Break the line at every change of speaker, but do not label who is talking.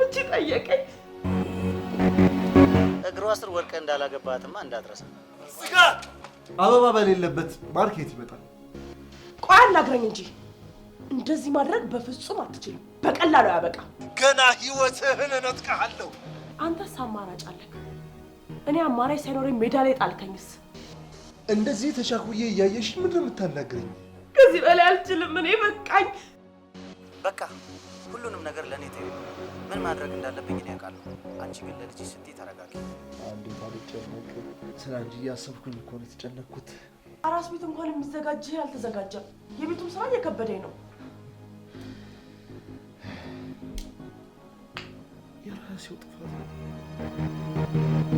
ፍቺ ጠየቀኝ።
እግሯ ስር ወድቀህ እንዳላገባትማ እንዳትረሳ።
ስጋ
አበባ በሌለበት ማርኬት ይመጣል።
ቆይ አናግረኝ እንጂ እንደዚህ ማድረግ በፍጹም አትችልም። በቀላሉ ያበቃ።
ገና ህይወትህን እነጥቀሃለሁ።
አንተስ አማራጭ አለህ። እኔ አማራጭ ሳይኖረኝ ሜዳ ላይ ጣልከኝስ?
እንደዚህ ተሻኩዬ እያየሽ ምን ነው የምታናግረኝ?
ከዚህ በላይ አልችልም። እኔ በቃኝ።
በቃ ሁሉንም ነገር ለእኔ ተይው። ማድረግ እንዳለብኝ እኔ አውቃለሁ። አንቺ ግን ለልጅ ስትይ ተረጋጊ።
እንዴት አልጨነቅ? ስለ አንቺ እያሰብኩኝ እኮ ነው የተጨነቅኩት።
አራስ ቤት እንኳን የሚዘጋጅ አልተዘጋጀም። የቤቱም ስራ እየከበደኝ ነው።
የራሴው ጥፋት